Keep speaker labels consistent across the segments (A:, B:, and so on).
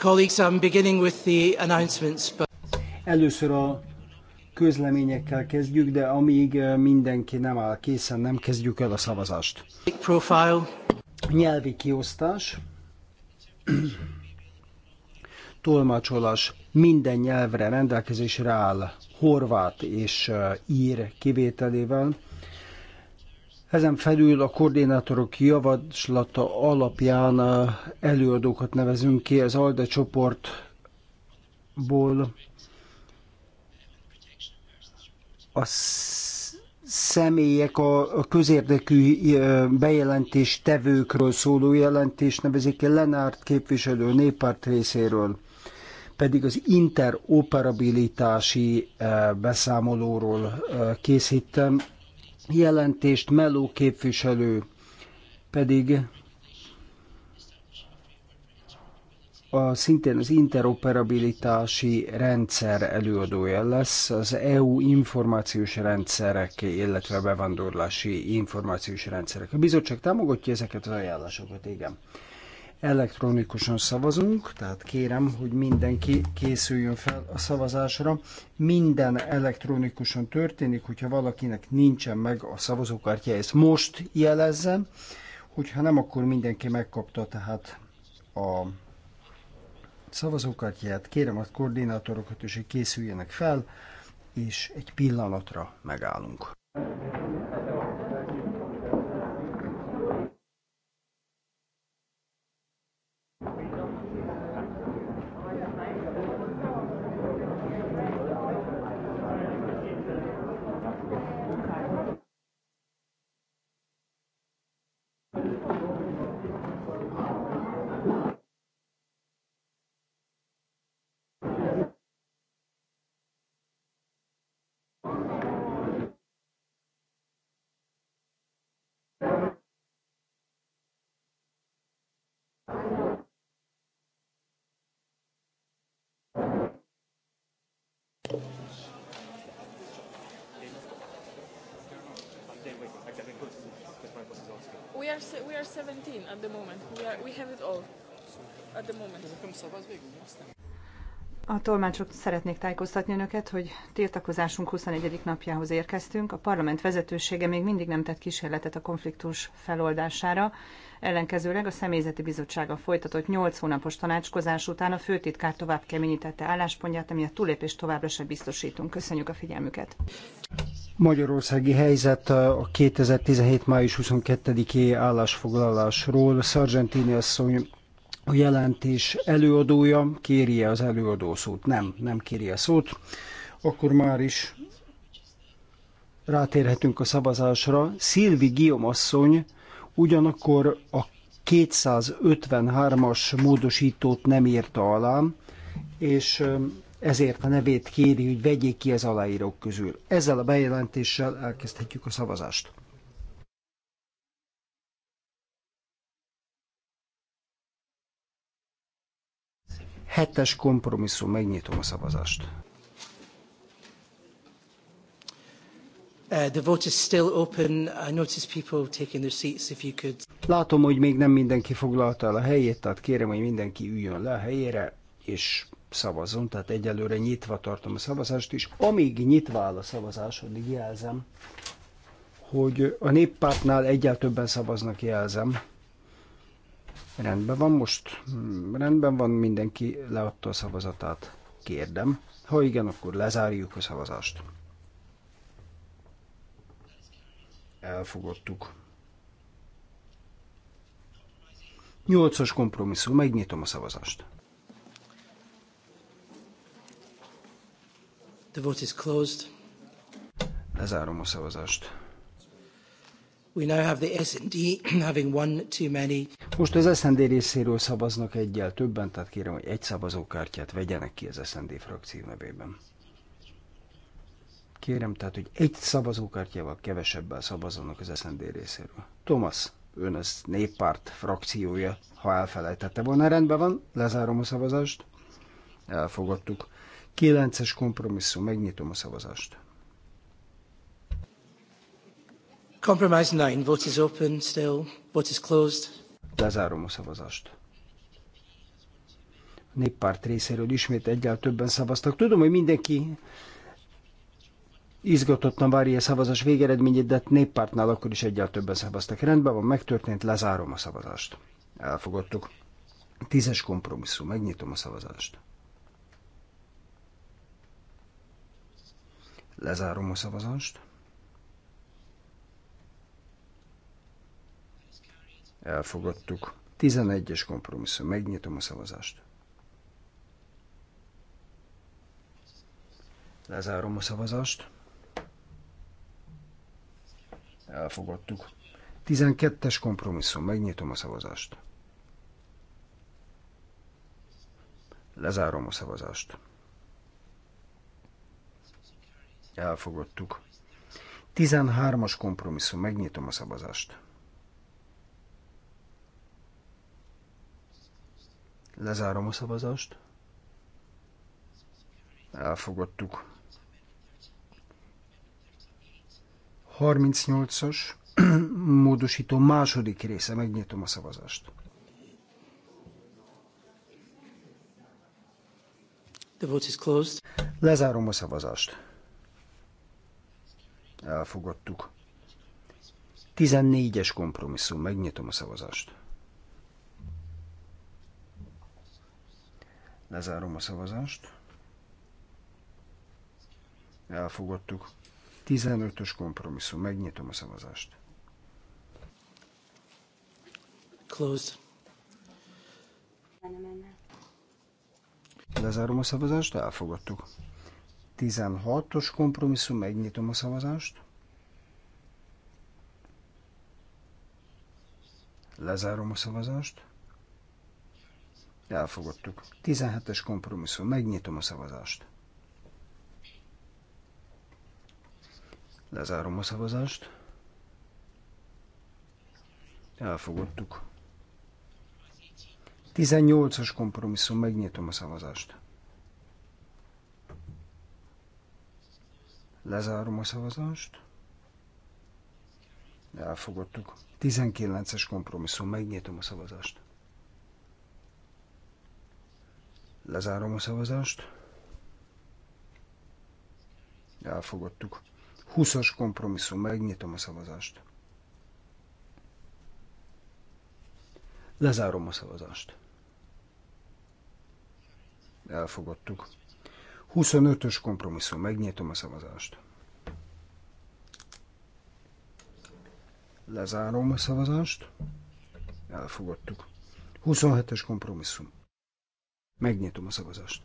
A: Colleagues, I'm beginning with the announcements. But... Először a közleményekkel kezdjük, de amíg eh, mindenki nem áll készen, nem kezdjük el a szavazást. Profile. Nyelvi kiosztás. Tolmácsolás minden nyelvre rendelkezésre áll, horvát és eh, ír kivételével. Ezen felül a koordinátorok javaslata alapján előadókat nevezünk ki az ALDE csoportból. A személyek a, közérdekű bejelentés tevőkről szóló jelentés, nevezik ki Lenárt képviselő néppárt részéről pedig az interoperabilitási beszámolóról készítem, jelentést Meló képviselő pedig a, szintén az interoperabilitási rendszer előadója lesz, az EU információs rendszerek, illetve bevándorlási információs rendszerek. A bizottság támogatja ezeket az ajánlásokat, igen elektronikusan szavazunk, tehát kérem, hogy mindenki készüljön fel a szavazásra. Minden elektronikusan történik, hogyha valakinek nincsen meg a szavazókártya, ezt most jelezze, hogyha nem, akkor mindenki megkapta tehát a szavazókártyát. Kérem a koordinátorokat is, hogy készüljenek fel, és egy pillanatra megállunk.
B: are we are 17 at the moment. We are we have it all at the moment.
C: A tolmácsok szeretnék tájékoztatni önöket, hogy tiltakozásunk 21. napjához érkeztünk. A parlament vezetősége még mindig nem tett kísérletet a konfliktus feloldására. Ellenkezőleg a személyzeti bizottsága folytatott 8 hónapos tanácskozás után a főtitkár tovább keményítette álláspontját, ami a túlépést továbbra sem biztosítunk. Köszönjük a figyelmüket.
A: Magyarországi helyzet a 2017. május 22-i állásfoglalásról. Sargentini asszony a jelentés előadója, kéri -e az előadó szót? Nem, nem kéri a szót. Akkor már is rátérhetünk a szavazásra. Szilvi Guillaume asszony ugyanakkor a 253-as módosítót nem írta alá, és ezért a nevét kéri, hogy vegyék ki az aláírók közül. Ezzel a bejelentéssel elkezdhetjük a szavazást. Hetes kompromisszum, megnyitom a szavazást.
D: Uh, the vote is still open. I notice people taking their seats if you could.
A: Látom, hogy még nem mindenki foglalta el a helyét, tehát kérem, hogy mindenki üljön le a helyére, és szavazzon, tehát egyelőre nyitva tartom a szavazást is. Amíg nyitva áll a szavazás, addig jelzem, hogy a néppártnál egyel többen szavaznak, jelzem. Rendben van most? Hmm, rendben van, mindenki leadta a szavazatát. Kérdem. Ha igen, akkor lezárjuk a szavazást. Elfogadtuk. Nyolcas kompromisszum, megnyitom a szavazást.
D: The vote is closed.
A: Lezárom a szavazást. Most az SND részéről szavaznak egyel többen, tehát kérem, hogy egy szavazókártyát vegyenek ki az SND frakció nevében. Kérem tehát, hogy egy szavazókártyával kevesebben szavazzanak az SND részéről. Thomas, ön az néppárt frakciója, ha elfelejtette volna, rendben van, lezárom a szavazást. Elfogadtuk. kilences kompromisszum, megnyitom a szavazást.
D: Compromise 9. Vote is
A: open still. Vote is closed. Lezárom a szavazást. A néppárt részéről ismét egyel többen szavaztak. Tudom, hogy mindenki izgatottan várja a szavazás végeredményét, de néppártnál akkor is egyel többen szavaztak. Rendben van, megtörtént, lezárom a szavazást. Elfogadtuk. Tízes kompromisszum, megnyitom a szavazást. Lezárom a szavazást. elfogadtuk. 11-es kompromisszum, megnyitom a szavazást. Lezárom a szavazást. Elfogadtuk. 12-es kompromisszum, megnyitom a szavazást. Lezárom a szavazást. Elfogadtuk. 13-as kompromisszum, megnyitom a szavazást. Lezárom a szavazást. Elfogadtuk. 38-as módosító második része. Megnyitom a szavazást. The vote is closed. Lezárom a szavazást. Elfogadtuk. 14-es kompromisszum. Megnyitom a szavazást. Lezárom a szavazást. Elfogadtuk. 15-ös kompromisszum. Megnyitom a szavazást. Closed. Lezárom a szavazást, elfogadtuk. 16-os kompromisszum, megnyitom a szavazást. Lezárom a szavazást. Elfogadtuk. 17-es kompromisszum. Megnyitom a szavazást. Lezárom a szavazást. Elfogadtuk. 18-as kompromisszum. Megnyitom a szavazást. Lezárom a szavazást. Elfogadtuk. 19-es kompromisszum. Megnyitom a szavazást. Lezárom a szavazást. Elfogadtuk. 20-as kompromisszum, megnyitom a szavazást. Lezárom a szavazást. Elfogadtuk. 25-ös kompromisszum, megnyitom a szavazást. Lezárom a szavazást. Elfogadtuk. 27-es kompromisszum. Megnyitom a szavazást.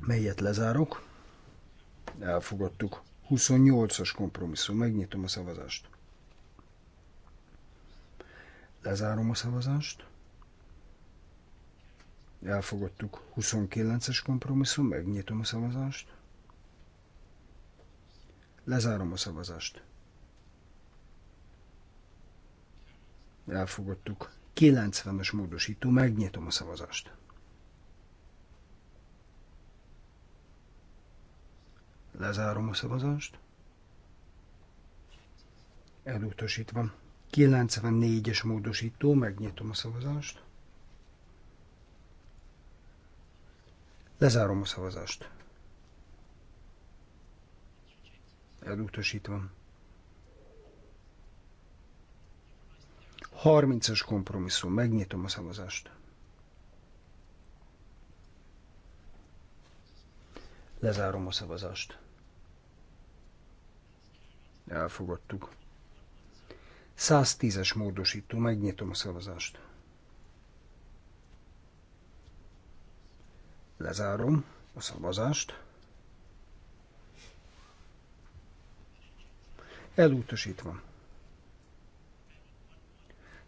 A: Melyet lezárok? Elfogadtuk. 28-as kompromisszum. Megnyitom a szavazást. Lezárom a szavazást. Elfogadtuk. 29-es kompromisszum. Megnyitom a szavazást. Lezárom a szavazást. Elfogadtuk. 90-es módosító, megnyitom a szavazást. Lezárom a szavazást. Elutasítva. 94-es módosító, megnyitom a szavazást. Lezárom a szavazást. Elutasítva. 30-as kompromisszum. Megnyitom a szavazást. Lezárom a szavazást. Elfogadtuk. 110-es módosító. Megnyitom a szavazást. Lezárom a szavazást. Elutasítva.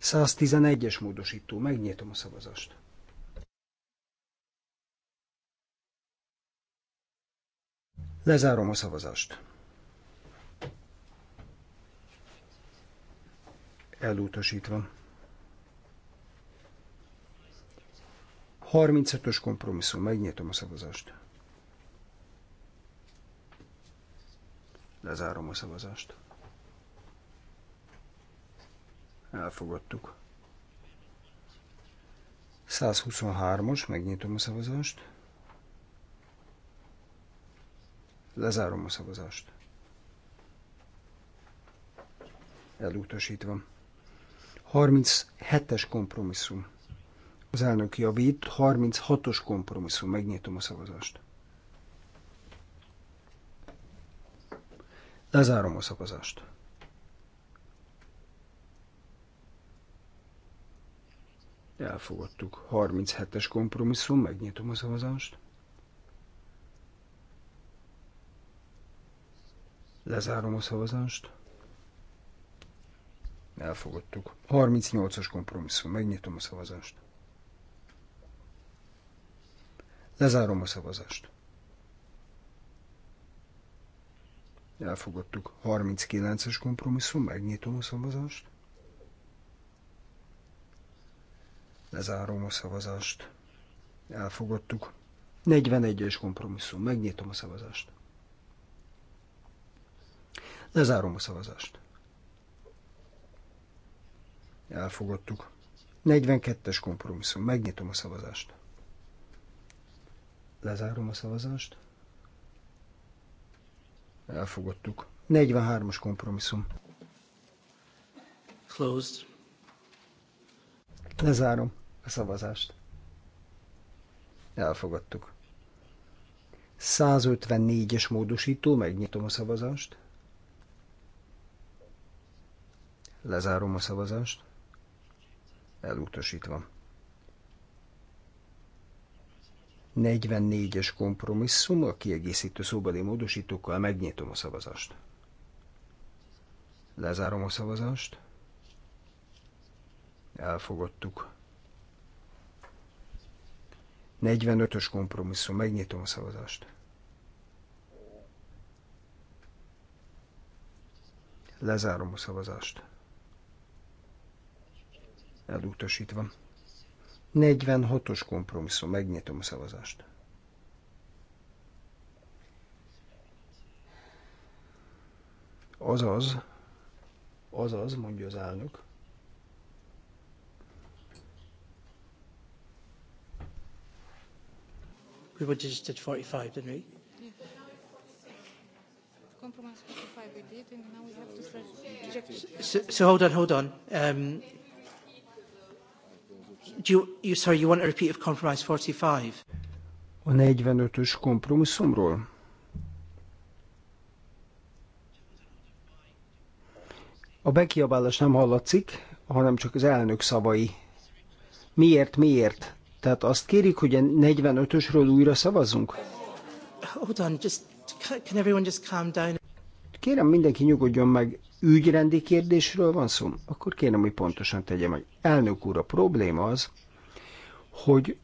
A: 111-es módosító. Megnyitom a szavazást. Lezárom a szavazást. Elutasítva. 35-ös kompromisszum. Megnyitom a szavazást. Lezárom a szavazást. Elfogadtuk. 123-os, megnyitom a szavazást. Lezárom a szavazást. Elutasítva. 37-es kompromisszum. Az elnök javít, 36-os kompromisszum. Megnyitom a szavazást. Lezárom a szavazást. Elfogadtuk. 37-es kompromisszum, megnyitom a szavazást. Lezárom a szavazást. Elfogadtuk. 38-as kompromisszum, megnyitom a szavazást. Lezárom a szavazást. Elfogadtuk. 39-es kompromisszum, megnyitom a szavazást. Lezárom a szavazást. Elfogadtuk. 41-es kompromisszum. Megnyitom a szavazást. Lezárom a szavazást. Elfogadtuk. 42-es kompromisszum. Megnyitom a szavazást. Lezárom a szavazást. Elfogadtuk. 43-as kompromisszum. Closed. Lezárom a szavazást. Elfogadtuk. 154-es módosító, megnyitom a szavazást. Lezárom a szavazást. Elutasítva. 44-es kompromisszum a kiegészítő szóbeli módosítókkal megnyitom a szavazást. Lezárom a szavazást. Elfogadtuk. 45-ös kompromisszum. Megnyitom a szavazást. Lezárom a szavazást. Elutasítva. 46-os kompromisszum. Megnyitom a szavazást. Azaz, azaz, mondja az elnök,
D: We would have just did 45, didn't we?
B: Yeah. Compromise 45 we did, and now we have to start
D: So, so hold on, hold on. Um, do you, you, sorry, you want a repeat of compromise 45?
A: A 45-ös kompromisszumról? A bekiabálás nem hallatszik, hanem csak az elnök szavai. Miért, miért? Tehát azt kérik, hogy a 45-ösről újra szavazzunk? Hold on, just, can everyone
D: just calm down?
A: Kérem, mindenki nyugodjon meg. Ügyrendi kérdésről van szó? Akkor kérem, hogy pontosan tegye meg. Elnök úr, a probléma az, hogy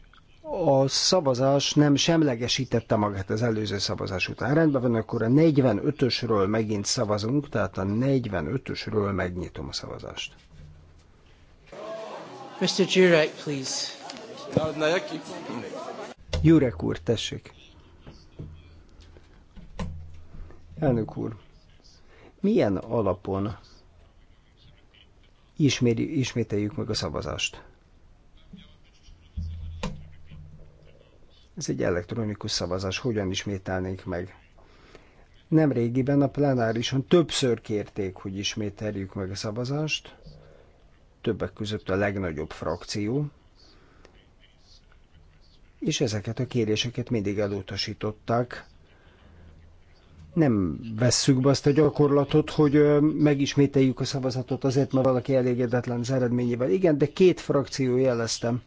A: a szavazás nem semlegesítette magát az előző szavazás után. Rendben van, akkor a 45-ösről megint szavazunk, tehát a 45-ösről megnyitom a szavazást.
D: Mr. Jurek, please.
A: Jurek úr, tessék. Elnök úr, milyen alapon isméri, ismételjük meg a szavazást? Ez egy elektronikus szavazás, hogyan ismételnénk meg? Nem régiben a plenárison többször kérték, hogy ismételjük meg a szavazást, többek között a legnagyobb frakció, és ezeket a kéréseket mindig elutasították. Nem vesszük be azt a gyakorlatot, hogy megismételjük a szavazatot azért, mert valaki elégedetlen az eredményével. Igen, de két frakció jeleztem,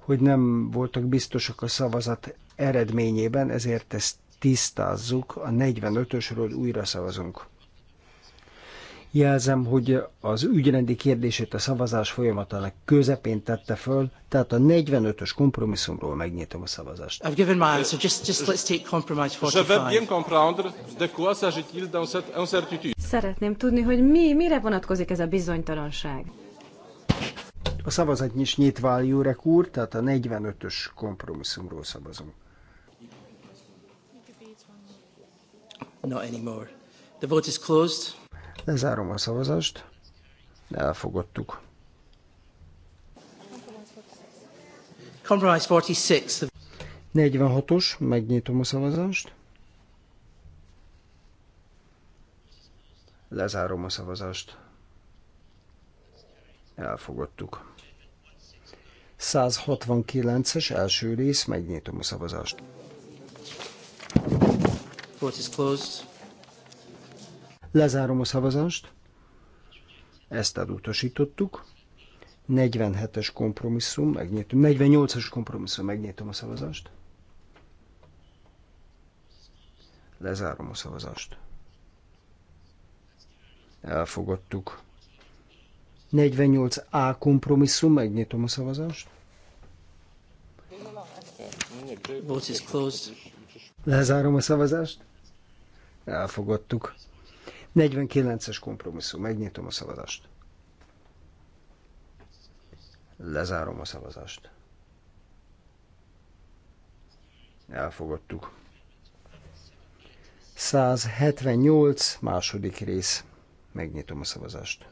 A: hogy nem voltak biztosak a szavazat eredményében, ezért ezt tisztázzuk, a 45-ösről újra szavazunk. Jelzem, hogy az ügyrendi kérdését a szavazás folyamatának közepén tette föl, tehát a 45-ös kompromisszumról megnyitom a szavazást.
B: I've
D: given my answer, just, just let's take compromise 45.
B: Szeretném tudni, hogy mi, mire vonatkozik ez a bizonytalanság.
A: A szavazat is nyitva áll Jurek úr, tehát a 45-ös kompromisszumról szavazunk. Not anymore. The vote is closed. Lezárom a szavazást. Elfogadtuk. Compromise 46. 46-os, megnyitom a szavazást. Lezárom a szavazást. Elfogadtuk. 169-es első rész, megnyitom a szavazást.
D: Vote is closed.
A: Lezárom a szavazást. Ezt elutasítottuk. 47-es kompromisszum, megnyitom. 48-as kompromisszum, megnyitom a szavazást. Lezárom a szavazást. Elfogadtuk. 48A kompromisszum, megnyitom a szavazást. Lezárom a szavazást. Elfogadtuk. 49-es kompromisszum. Megnyitom a szavazást. Lezárom a szavazást. Elfogadtuk. 178. második rész. Megnyitom a szavazást.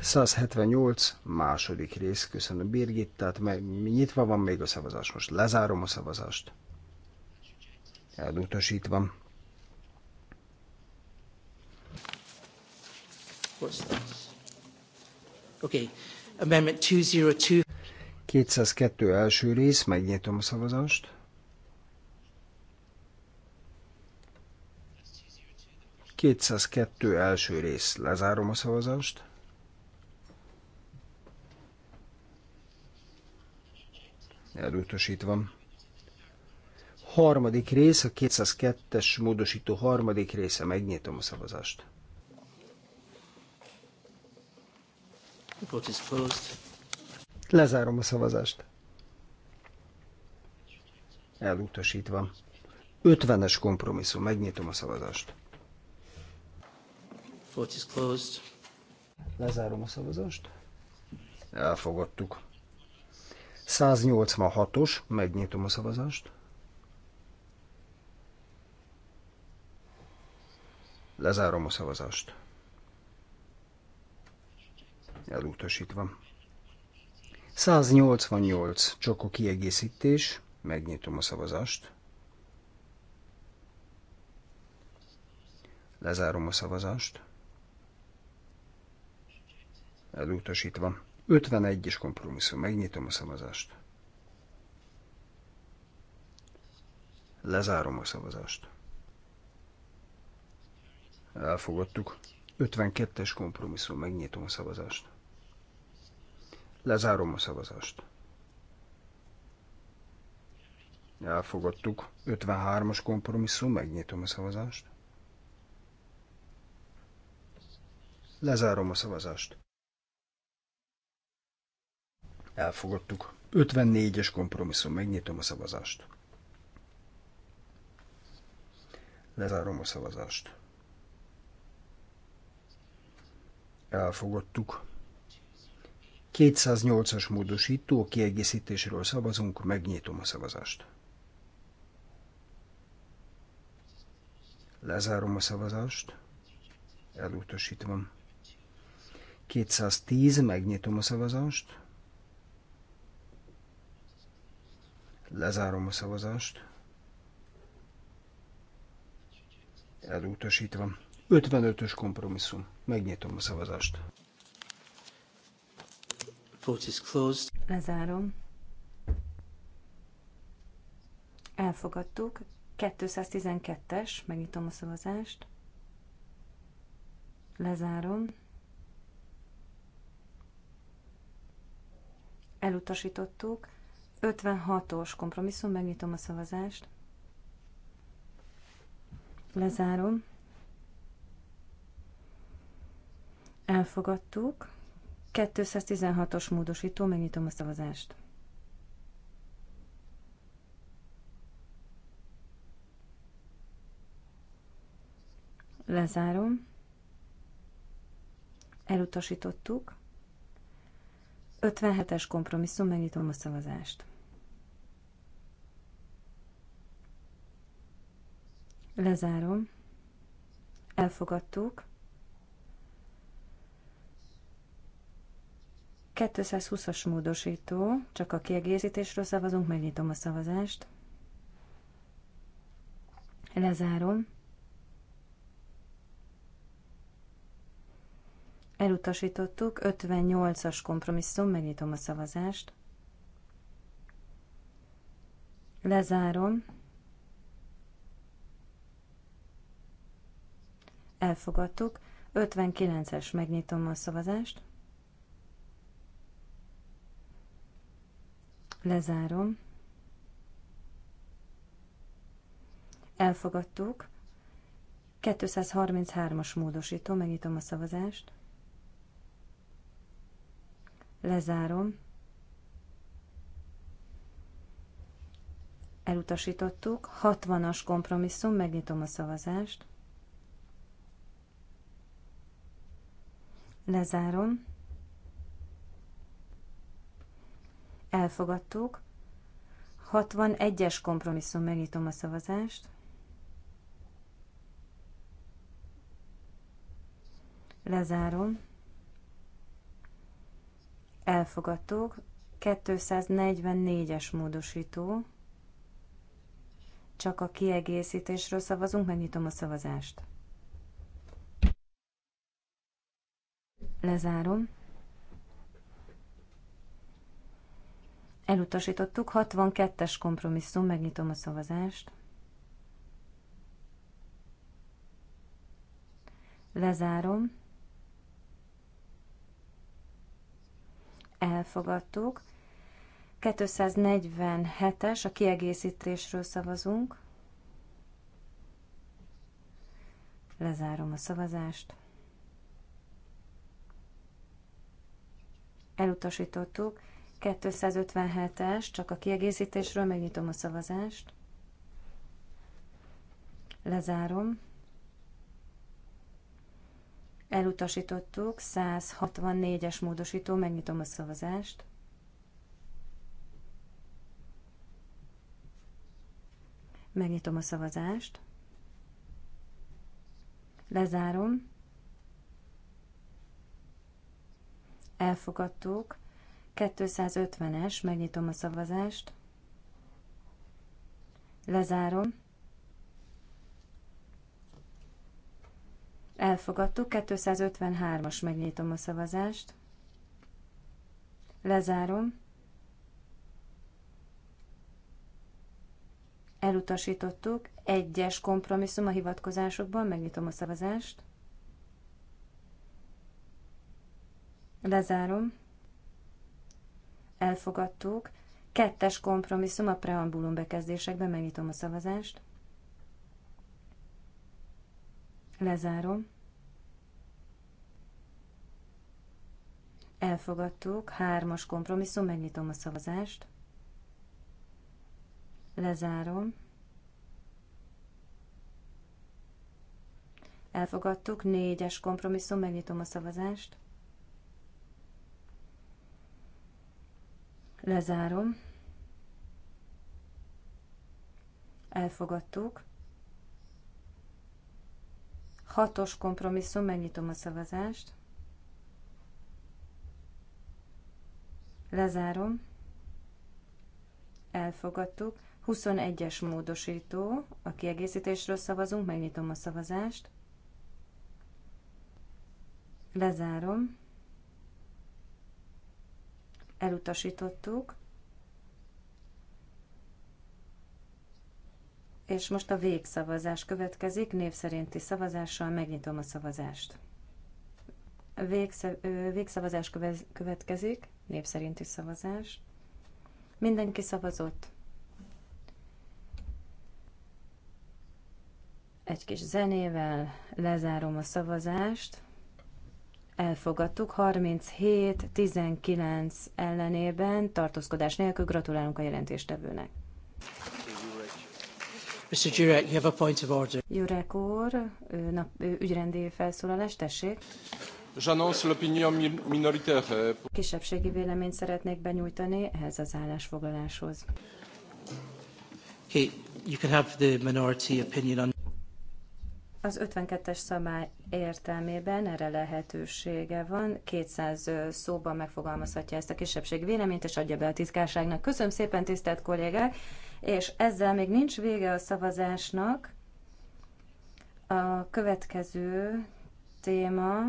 A: 178. második rész. Köszönöm Birgit, tehát nyitva van még a szavazás. Most lezárom a szavazást elutasítva.
D: Okay. Amendment 202.
A: 202 első rész, megnyitom a szavazást. Kétszázkettő első rész, lezárom a szavazást. Elutasítva. Harmadik rész, a 202-es módosító harmadik része. Megnyitom a szavazást. Lezárom a szavazást. Elutasítva. 50-es kompromisszum. Megnyitom a szavazást. closed. Lezárom a szavazást. Elfogadtuk. 186-os. Megnyitom a szavazást. Lezárom a szavazást. Elutasítva. 188 csokó kiegészítés. Megnyitom a szavazást. Lezárom a szavazást. Elutasítva. 51-es kompromisszum. Megnyitom a szavazást. Lezárom a szavazást. Elfogadtuk. 52-es kompromisszum, megnyitom a szavazást. Lezárom a szavazást. Elfogadtuk. 53-as kompromisszum, megnyitom a szavazást. Lezárom a szavazást. Elfogadtuk. 54-es kompromisszum, megnyitom a szavazást. Lezárom a szavazást. Elfogadtuk. 208-as módosító kiegészítésről szavazunk, megnyitom a szavazást. Lezárom a szavazást. Elutasítva. 210, megnyitom a szavazást. Lezárom a szavazást. Elutasítva. 55-ös kompromisszum. Megnyitom a szavazást. Vote is closed.
B: Lezárom. Elfogadtuk. 212-es. Megnyitom a szavazást. Lezárom. Elutasítottuk. 56-os kompromisszum. Megnyitom a szavazást. Lezárom. Elfogadtuk. 216-os módosító, megnyitom a szavazást. Lezárom. Elutasítottuk. 57-es kompromisszum, megnyitom a szavazást. Lezárom. Elfogadtuk. 220-as módosító, csak a kiegészítésről szavazunk, megnyitom a szavazást. Lezárom. Elutasítottuk, 58-as kompromisszum, megnyitom a szavazást. Lezárom. Elfogadtuk. 59-es, megnyitom a szavazást. Lezárom. Elfogadtuk. 233-as módosító, megnyitom a szavazást. Lezárom. Elutasítottuk. 60-as kompromisszum, megnyitom a szavazást. Lezárom. elfogadtuk. 61-es kompromisszum, megnyitom a szavazást. Lezárom. Elfogadtuk. 244-es módosító. Csak a kiegészítésről szavazunk, megnyitom a szavazást. Lezárom. Elutasítottuk. 62-es kompromisszum. Megnyitom a szavazást. Lezárom. Elfogadtuk. 247-es, a kiegészítésről szavazunk. Lezárom a szavazást. Elutasítottuk. 257-es, csak a kiegészítésről megnyitom a szavazást. Lezárom. Elutasítottuk, 164-es módosító, megnyitom a szavazást. Megnyitom a szavazást. Lezárom. Elfogadtuk. 250-es, megnyitom a szavazást. Lezárom. Elfogadtuk. 253-as, megnyitom a szavazást. Lezárom. Elutasítottuk. Egyes kompromisszum a hivatkozásokban, megnyitom a szavazást. Lezárom elfogadtuk. Kettes kompromisszum a preambulum bekezdésekben, megnyitom a szavazást. Lezárom. Elfogadtuk. Hármas kompromisszum, megnyitom a szavazást. Lezárom. Elfogadtuk. Négyes kompromisszum, megnyitom a szavazást. Lezárom. Elfogadtuk. Hatos kompromisszum, megnyitom a szavazást. Lezárom. Elfogadtuk. 21-es módosító, a kiegészítésről szavazunk, megnyitom a szavazást. Lezárom elutasítottuk. És most a végszavazás következik, név szerinti szavazással megnyitom a szavazást. végszavazás következik, név szerinti szavazás. Mindenki szavazott. Egy kis zenével lezárom a szavazást elfogadtuk. 37-19 ellenében tartózkodás nélkül gratulálunk a jelentéstevőnek. Mr. Jurek, you have a point of order. Jurek úr, nap, ügyrendi felszólalás, tessék. Kisebbségi véleményt szeretnék benyújtani ehhez az állásfoglaláshoz.
D: Okay, you can have the minority opinion on
B: az 52-es szabály értelmében erre lehetősége van. 200 szóban megfogalmazhatja ezt a kisebbség véleményt, és adja be a titkárságnak. Köszönöm szépen, tisztelt kollégák! És ezzel még nincs vége a szavazásnak. A következő téma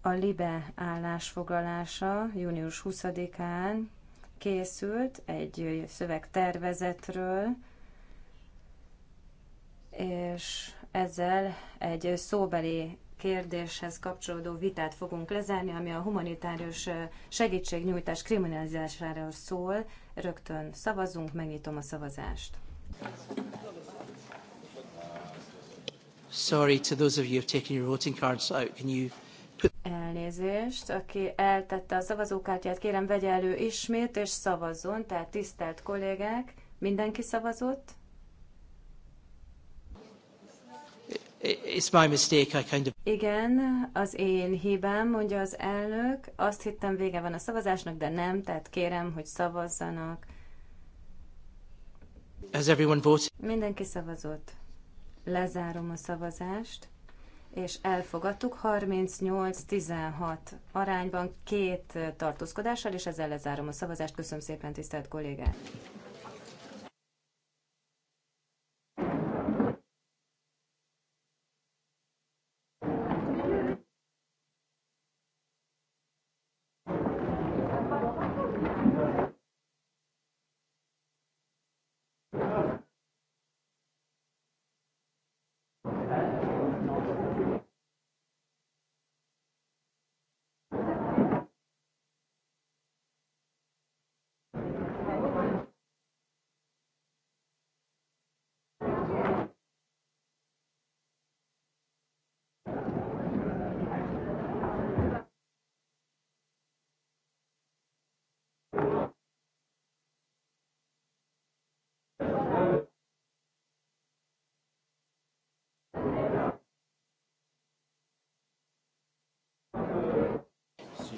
B: a LIBE állásfoglalása június 20-án készült egy szövegtervezetről, és ezzel egy szóbeli kérdéshez kapcsolódó vitát fogunk lezárni, ami a humanitárius segítségnyújtás kriminalizására szól. Rögtön szavazunk, megnyitom a szavazást.
D: Sorry to those of you who've taken your voting cards out. Can you
B: put... Elnézést, aki eltette a szavazókártyát, kérem vegye elő ismét és szavazzon, tehát tisztelt kollégák, mindenki szavazott?
D: It's my mistake, I kind of...
B: Igen, az én hibám, mondja az elnök. Azt hittem vége van a szavazásnak, de nem, tehát kérem, hogy szavazzanak. Has everyone voted? Mindenki szavazott. Lezárom a szavazást, és elfogadtuk 38-16 arányban két tartózkodással, és ezzel lezárom a szavazást. Köszönöm szépen, tisztelt kollégák!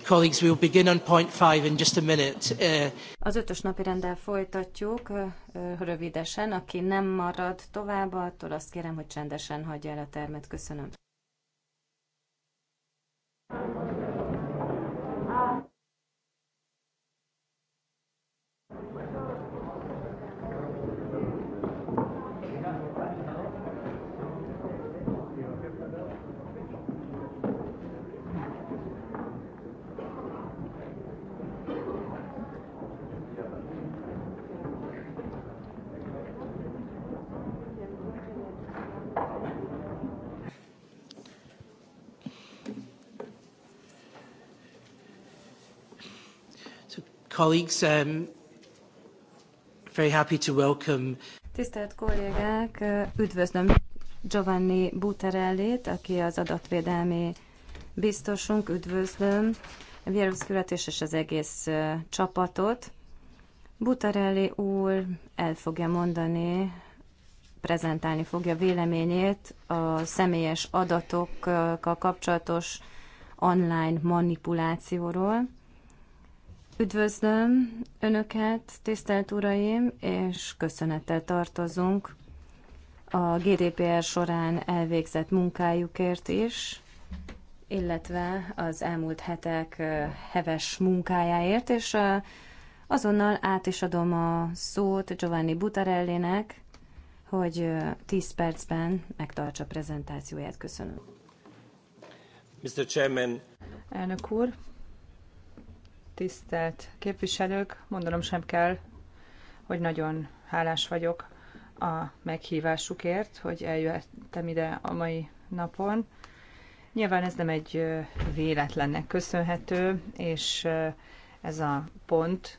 D: Colleagues, we'll begin on point five in just a minute. Uh...
B: Az ötös napi rendel folytatjuk uh, uh, rövidesen. Aki nem marad tovább, attól azt kérem, hogy csendesen hagyja el a termet. Köszönöm.
D: colleagues, um, very happy to welcome.
B: Tisztelt kollégák, üdvözlöm Giovanni Buterellit, aki az adatvédelmi biztosunk, üdvözlöm Vieruszkület és az egész csapatot. Butarelli úr el fogja mondani, prezentálni fogja véleményét a személyes adatokkal kapcsolatos online manipulációról. Üdvözlöm Önöket, tisztelt Uraim, és köszönettel tartozunk a GDPR során elvégzett munkájukért is, illetve az elmúlt hetek heves munkájáért, és azonnal át is adom a szót Giovanni Butarellének, hogy 10 percben megtartsa
C: prezentációját. Köszönöm.
A: Mr. Chairman.
C: Elnök úr, Tisztelt képviselők, mondanom sem kell, hogy nagyon hálás vagyok a meghívásukért, hogy eljöttem ide a mai napon. Nyilván ez nem egy véletlennek köszönhető, és ez a pont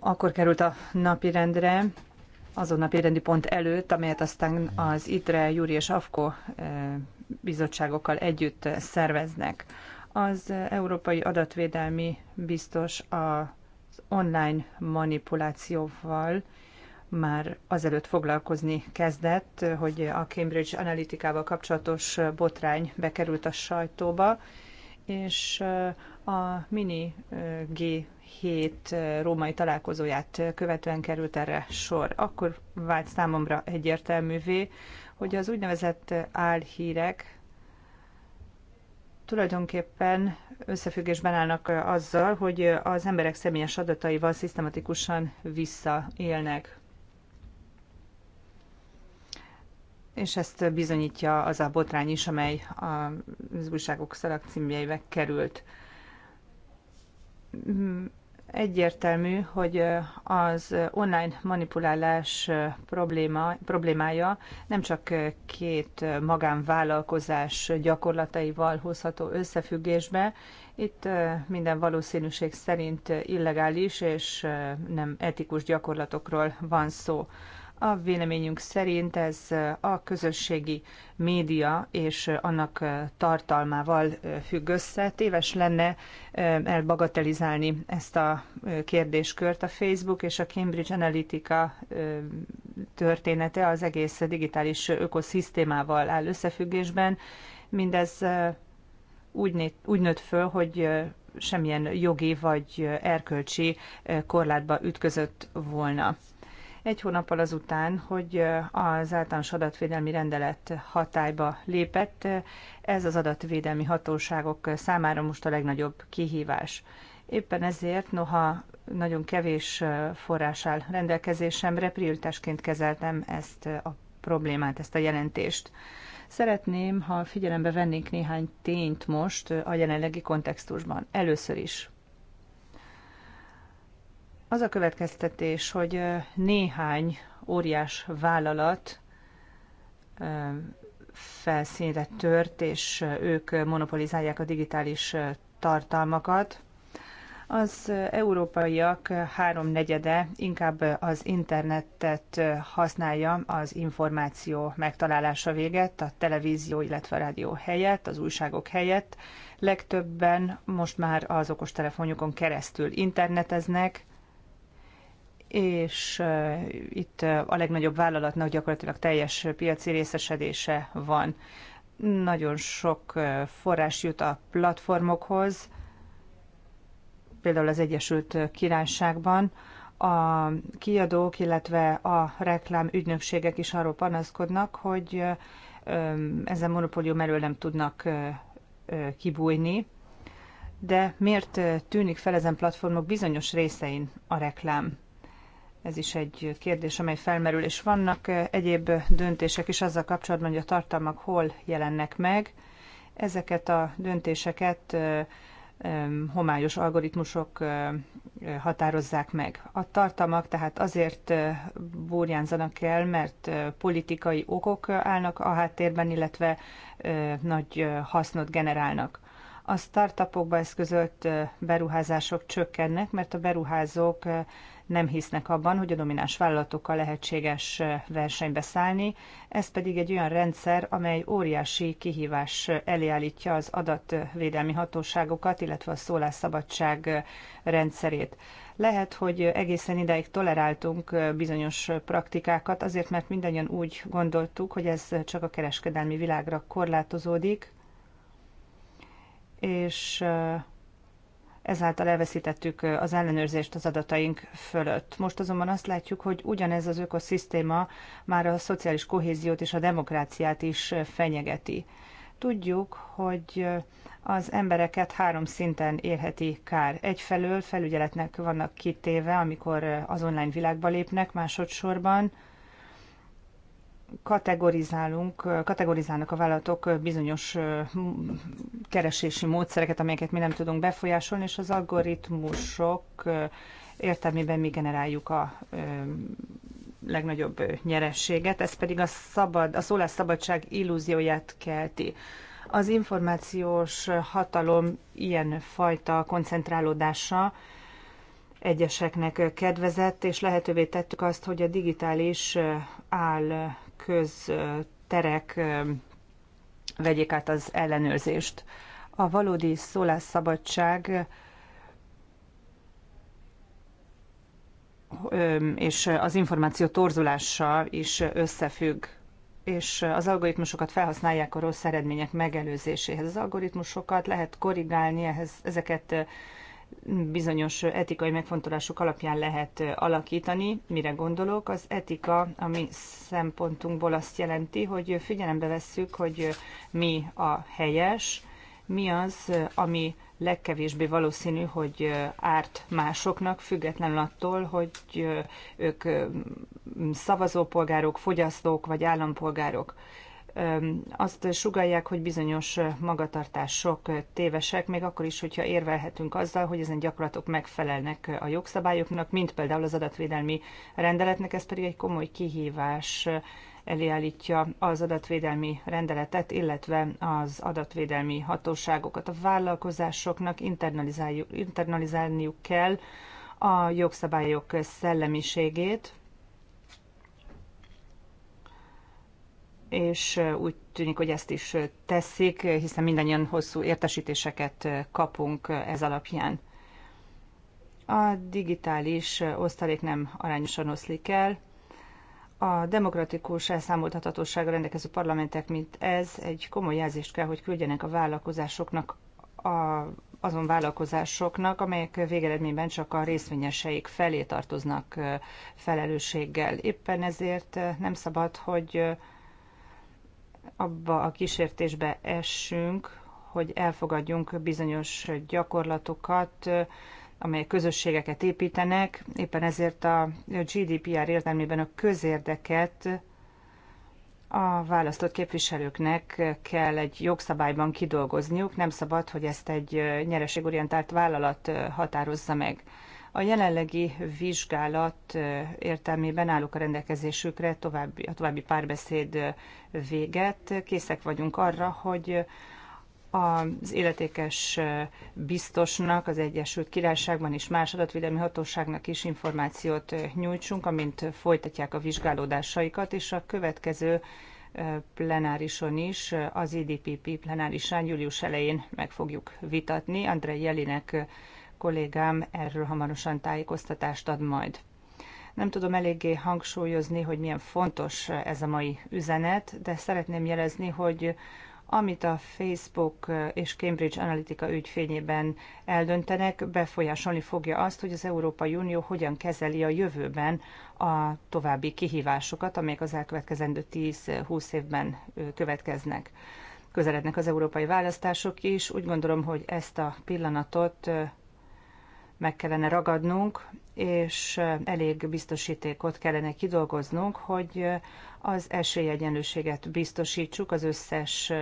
C: akkor került a napirendre, azon napirendi pont előtt, amelyet aztán az ITRE, Júri és AFKO bizottságokkal együtt szerveznek. Az Európai Adatvédelmi Biztos az online manipulációval már azelőtt foglalkozni kezdett, hogy a Cambridge Analytica-val kapcsolatos botrány bekerült a sajtóba, és a mini G7 római találkozóját követően került erre sor. Akkor vált számomra egyértelművé, hogy az úgynevezett álhírek tulajdonképpen összefüggésben állnak azzal, hogy az emberek személyes adataival szisztematikusan visszaélnek. És ezt bizonyítja az a botrány is, amely az újságok szalagcímjeibe került Egyértelmű, hogy az online manipulálás probléma, problémája nem csak két magánvállalkozás gyakorlataival hozható összefüggésbe, itt minden valószínűség szerint illegális és nem etikus gyakorlatokról van szó. A véleményünk szerint ez a közösségi média és annak tartalmával függ össze. Téves lenne elbagatelizálni ezt a kérdéskört. A Facebook és a Cambridge Analytica története az egész digitális ökoszisztémával áll összefüggésben. Mindez úgy, úgy nőtt föl, hogy semmilyen jogi vagy erkölcsi korlátba ütközött volna egy hónappal azután, hogy az általános adatvédelmi rendelet hatályba lépett, ez az adatvédelmi hatóságok számára most a legnagyobb kihívás. Éppen ezért, noha nagyon kevés forrás áll rendelkezésemre, prioritásként kezeltem ezt a problémát, ezt a jelentést. Szeretném, ha figyelembe vennénk néhány tényt most a jelenlegi kontextusban. Először is az a következtetés, hogy néhány óriás vállalat felszínre tört, és ők monopolizálják a digitális tartalmakat. Az európaiak háromnegyede inkább az internetet használja az információ megtalálása véget, a televízió, illetve a rádió helyett, az újságok helyett. Legtöbben most már az okostelefonjukon keresztül interneteznek, és eh, itt eh, a legnagyobb vállalatnak gyakorlatilag teljes piaci részesedése van. Nagyon sok eh, forrás jut a platformokhoz, például az Egyesült Királyságban, a kiadók, illetve a reklám ügynökségek is arról panaszkodnak, hogy ezen monopólium elől nem tudnak kibújni, de miért tűnik fel ezen platformok bizonyos részein a reklám? Ez is egy kérdés, amely felmerül, és vannak eh, egyéb döntések is azzal kapcsolatban, hogy a tartalmak hol jelennek meg. Ezeket a döntéseket eh, homályos algoritmusok eh, határozzák meg. A tartalmak tehát azért búrjánzanak el, mert politikai okok állnak a háttérben, illetve nagy hasznot generálnak. A startupokba eszközölt beruházások csökkennek, mert a beruházók nem hisznek abban, hogy a domináns vállalatokkal lehetséges versenybe szállni. Ez pedig egy olyan rendszer, amely óriási kihívás eléállítja az adatvédelmi hatóságokat, illetve a szólásszabadság rendszerét. Lehet, hogy egészen ideig toleráltunk bizonyos praktikákat, azért mert mindannyian úgy gondoltuk, hogy ez csak a kereskedelmi világra korlátozódik, és ezáltal elveszítettük az ellenőrzést az adataink fölött. Most azonban azt látjuk, hogy ugyanez az ökoszisztéma már a szociális kohéziót és a demokráciát is fenyegeti. Tudjuk, hogy az embereket három szinten érheti kár. Egyfelől felügyeletnek vannak kitéve, amikor az online világba lépnek, másodszorban kategorizálunk, kategorizálnak a vállalatok bizonyos keresési módszereket, amelyeket mi nem tudunk befolyásolni, és az algoritmusok értelmében mi generáljuk a legnagyobb nyerességet, ez pedig a, szabad, a szólásszabadság illúzióját kelti. Az információs hatalom ilyen fajta koncentrálódása egyeseknek kedvezett, és lehetővé tettük azt, hogy a digitális áll közterek vegyék át az ellenőrzést. A valódi szólásszabadság és az információ torzulása is összefügg és az algoritmusokat felhasználják a rossz eredmények megelőzéséhez. Az algoritmusokat lehet korrigálni, ehhez, ezeket bizonyos etikai megfontolások alapján lehet alakítani. Mire gondolok? Az etika a mi szempontunkból azt jelenti, hogy figyelembe vesszük, hogy mi a helyes, mi az, ami legkevésbé valószínű, hogy árt másoknak, függetlenül attól, hogy ők szavazópolgárok, fogyasztók vagy állampolgárok azt sugalják, hogy bizonyos magatartások tévesek, még akkor is, hogyha érvelhetünk azzal, hogy ezen gyakorlatok megfelelnek a jogszabályoknak, mint például az adatvédelmi rendeletnek, ez pedig egy komoly kihívás eh, eléállítja az adatvédelmi rendeletet, illetve az adatvédelmi hatóságokat. A vállalkozásoknak internalizálniuk kell a jogszabályok szellemiségét, és úgy tűnik, hogy ezt is teszik, hiszen mindannyian hosszú értesítéseket kapunk ez alapján. A digitális osztalék nem arányosan oszlik el. A demokratikus elszámoltathatóságra rendelkező parlamentek, mint ez, egy komoly jelzést kell, hogy küldjenek a vállalkozásoknak, a, azon vállalkozásoknak, amelyek végeredményben csak a részvényeseik felé tartoznak felelősséggel. Éppen ezért nem szabad, hogy abba a kísértésbe essünk, hogy elfogadjunk bizonyos gyakorlatokat, amelyek közösségeket építenek. Éppen ezért a GDPR értelmében a közérdeket a választott képviselőknek kell egy jogszabályban kidolgozniuk, nem szabad, hogy ezt egy nyereségorientált vállalat határozza meg. A jelenlegi vizsgálat értelmében állok a rendelkezésükre, további, a további párbeszéd véget. Készek vagyunk arra, hogy az életékes biztosnak az Egyesült Királyságban és más adatvédelmi hatóságnak is információt nyújtsunk, amint folytatják a vizsgálódásaikat, és a következő plenárison is, az IDPP plenárisán július elején meg fogjuk vitatni. Andrei Jelinek kollégám erről hamarosan tájékoztatást ad majd. Nem tudom eléggé hangsúlyozni, hogy milyen fontos ez a mai üzenet, de szeretném jelezni, hogy amit a Facebook és Cambridge Analytica ügyfényében eldöntenek, befolyásolni fogja azt, hogy az Európai Unió hogyan kezeli a jövőben a további kihívásokat, amelyek az elkövetkezendő 10-20 évben következnek. Közelednek az európai választások is, úgy gondolom, hogy ezt a pillanatot meg kellene ragadnunk, és elég biztosítékot kellene kidolgoznunk, hogy az esélyegyenlőséget biztosítsuk az összes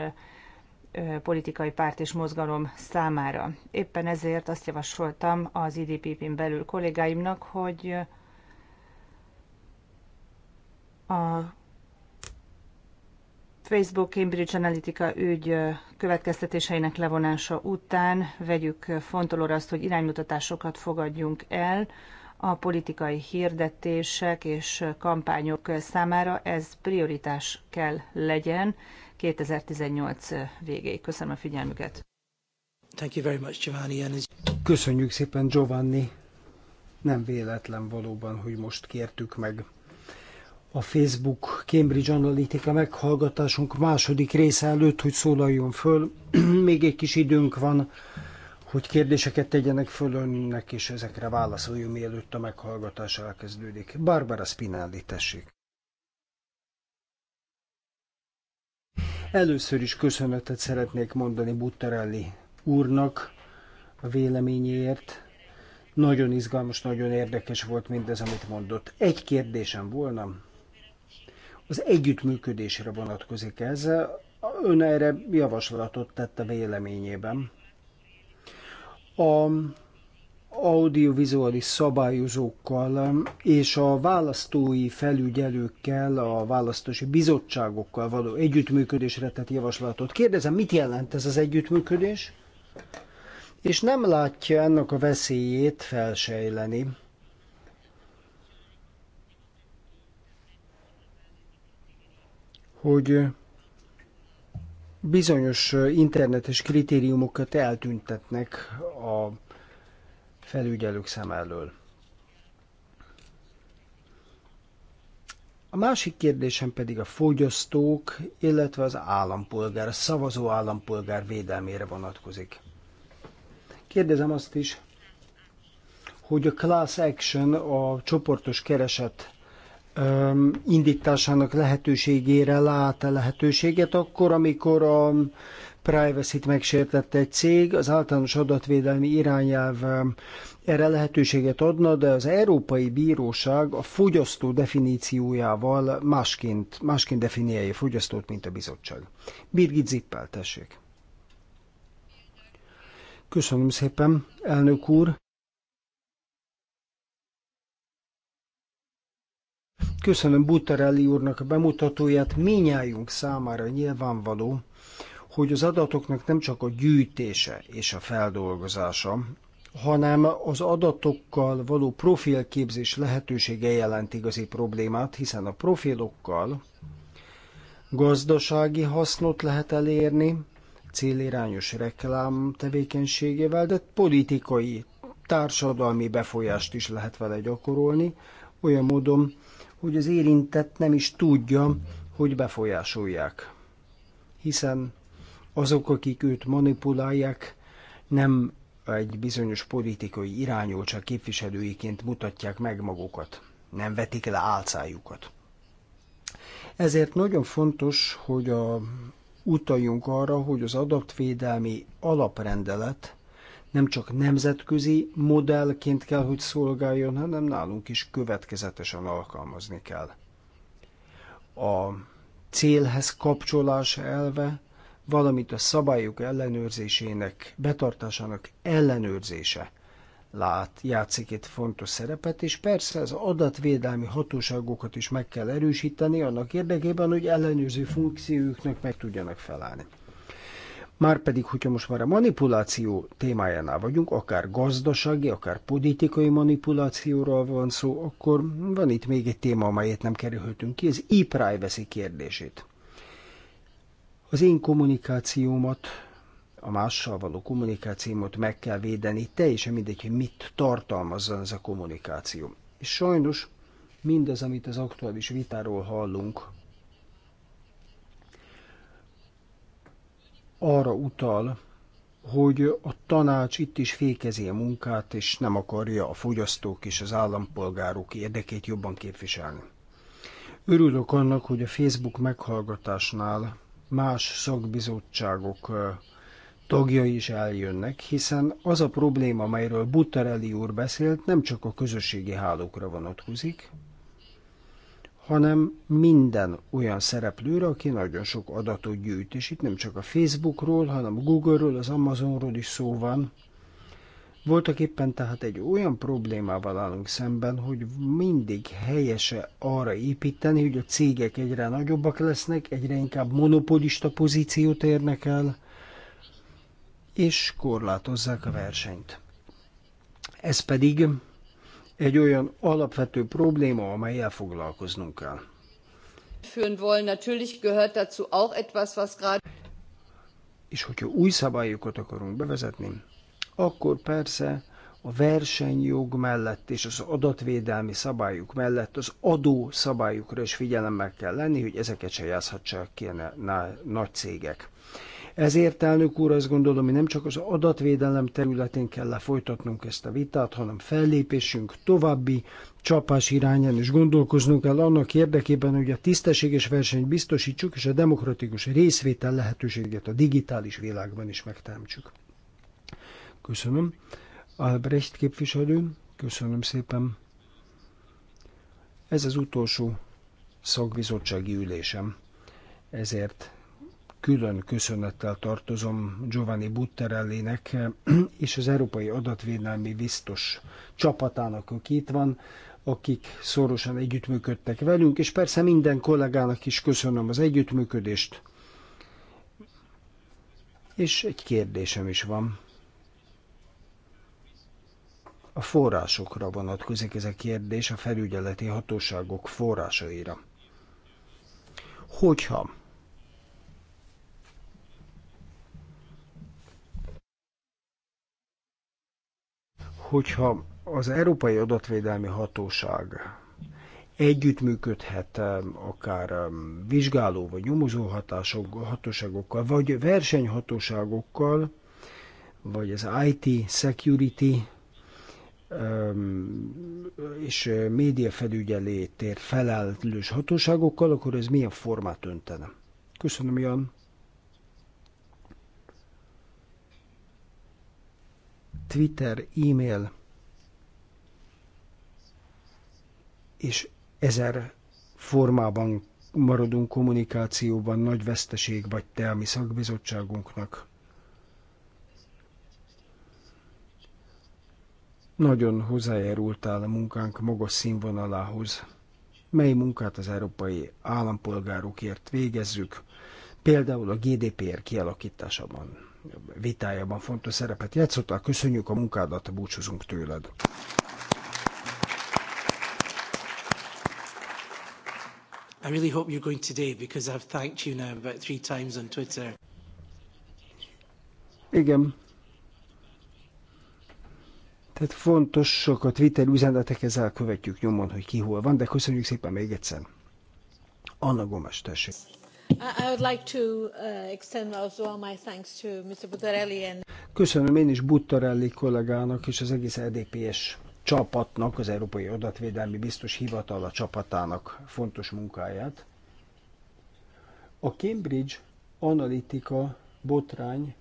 C: politikai párt és mozgalom számára. Éppen ezért azt javasoltam az IDPP-n belül kollégáimnak, hogy a Facebook Cambridge Analytica ügy következtetéseinek levonása után vegyük fontolóra azt, hogy iránymutatásokat fogadjunk el a politikai hirdetések és kampányok számára. Ez prioritás kell legyen 2018 végéig. Köszönöm a figyelmüket.
A: Thank you very much, Giovanni. Köszönjük szépen, Giovanni. Nem véletlen valóban, hogy most kértük meg a Facebook Cambridge Analytica meghallgatásunk második része előtt, hogy szólaljon föl. Még egy kis időnk van, hogy kérdéseket tegyenek föl önnek, és ezekre válaszoljon, mielőtt a meghallgatás elkezdődik. Barbara Spinelli, tessék! Először is köszönetet szeretnék mondani Butterelli úrnak a véleményéért. Nagyon izgalmas, nagyon érdekes volt mindez, amit mondott. Egy kérdésem volna, az együttműködésre vonatkozik ez. Ön erre javaslatot tette véleményében. A audiovizuális szabályozókkal és a választói felügyelőkkel, a választási bizottságokkal való együttműködésre tett javaslatot. Kérdezem, mit jelent ez az együttműködés? És nem látja ennek a veszélyét felsejleni hogy bizonyos internetes kritériumokat eltüntetnek a felügyelők szem elől. A másik kérdésem pedig a fogyasztók, illetve az állampolgár, a szavazó állampolgár védelmére vonatkozik. Kérdezem azt is, hogy a class action, a csoportos kereset indításának lehetőségére lát -e lehetőséget, akkor, amikor a privacy-t megsértett egy cég, az általános adatvédelmi irányelv erre lehetőséget adna, de az Európai Bíróság a fogyasztó definíciójával másként, másként definiálja a fogyasztót, mint a bizottság. Birgit Zippel, tessék. Köszönöm szépen, elnök úr. Köszönöm Butterelli úrnak a bemutatóját. Minnyájunk számára nyilvánvaló, hogy az adatoknak nem csak a gyűjtése és a feldolgozása, hanem az adatokkal való profilképzés lehetősége jelent igazi problémát, hiszen a profilokkal gazdasági hasznot lehet elérni, célirányos reklám tevékenységével, de politikai, társadalmi befolyást is lehet vele gyakorolni, olyan módon, hogy az érintett nem is tudja, hogy befolyásolják. Hiszen azok, akik őt manipulálják, nem egy bizonyos politikai irányultság képviselőiként mutatják meg magukat, nem vetik le álcájukat. Ezért nagyon fontos, hogy a, utaljunk arra, hogy az adatvédelmi alaprendelet nem csak nemzetközi modellként kell, hogy szolgáljon, hanem nálunk is következetesen alkalmazni kell. A célhez kapcsolás elve, valamint a szabályok ellenőrzésének, betartásának ellenőrzése lát, játszik itt fontos szerepet, és persze az adatvédelmi hatóságokat is meg kell erősíteni annak érdekében, hogy ellenőrző funkciójuknak meg tudjanak felállni. Márpedig, hogyha most már a manipuláció témájánál vagyunk, akár gazdasági, akár politikai manipulációról van szó, akkor van itt még egy téma, amelyet nem kerülhetünk ki, az e-privacy kérdését. Az én kommunikációmat, a mással való kommunikációmat meg kell védeni, teljesen mindegy, hogy mit tartalmazzon ez a kommunikáció. És sajnos mindaz, amit az aktuális vitáról hallunk, arra utal, hogy a tanács itt is fékezi a munkát, és nem akarja a fogyasztók és az állampolgárok érdekét jobban képviselni. Örülök annak, hogy a Facebook meghallgatásnál más szakbizottságok tagjai is eljönnek, hiszen az a probléma, amelyről Butterelli úr beszélt, nem csak a közösségi hálókra vonatkozik, hanem minden olyan szereplőre, aki nagyon sok adatot gyűjt. És itt nem csak a Facebookról, hanem a Googleről, az Amazonról is szó van. Voltak éppen tehát egy olyan problémával állunk szemben, hogy mindig helyese arra építeni, hogy a cégek egyre nagyobbak lesznek, egyre inkább monopolista pozíciót érnek el, és korlátozzák a versenyt. Ez pedig egy olyan alapvető probléma, amelyel foglalkoznunk kell. wollen, és hogyha új szabályokat akarunk bevezetni, akkor persze a versenyjog mellett és az adatvédelmi szabályok mellett az adó szabályokra is figyelemmel kell lenni, hogy ezeket se játszhatsák ki a nagy cégek. Ezért, elnök úr, azt gondolom, hogy nem csak az adatvédelem területén kell lefolytatnunk ezt a vitát, hanem fellépésünk további csapás irányán is gondolkoznunk kell annak érdekében, hogy a tisztességes versenyt biztosítsuk, és a demokratikus részvétel lehetőséget a digitális világban is megteremtsük. Köszönöm. Albrecht képviselő, köszönöm szépen. Ez az utolsó szakbizottsági ülésem, ezért külön köszönettel tartozom Giovanni Butterellinek és az Európai Adatvédelmi Biztos csapatának, aki itt van, akik szorosan együttműködtek velünk, és persze minden kollégának is köszönöm az együttműködést. És egy kérdésem is van. A forrásokra vonatkozik ez a kérdés, a felügyeleti hatóságok forrásaira. Hogyha hogyha az Európai Adatvédelmi Hatóság együttműködhet akár vizsgáló vagy nyomozó hatások, hatóságokkal, vagy versenyhatóságokkal, vagy az IT security és média felügyelétért felelős hatóságokkal, akkor ez milyen formát öntene? Köszönöm, Jan. Twitter, e-mail, és ezer formában maradunk kommunikációban nagy veszteség vagy te a mi szakbizottságunknak. Nagyon hozzájárultál a munkánk magas színvonalához, mely munkát az európai állampolgárokért végezzük, például a GDPR kialakításában vitájában fontos szerepet játszottál. Köszönjük a munkádat, búcsúzunk tőled.
D: I really hope you're going today because I've thanked you now about three times on Twitter.
A: Igen. Tehát fontos sok a Twitter ezzel követjük nyomon, hogy ki hol van, de köszönjük szépen még egyszer. Anna Gomes, tessék. Köszönöm én is Buttarelli kollégának és az egész EDPS csapatnak, az Európai Adatvédelmi Biztos Hivatala csapatának fontos munkáját. A Cambridge Analytica botrány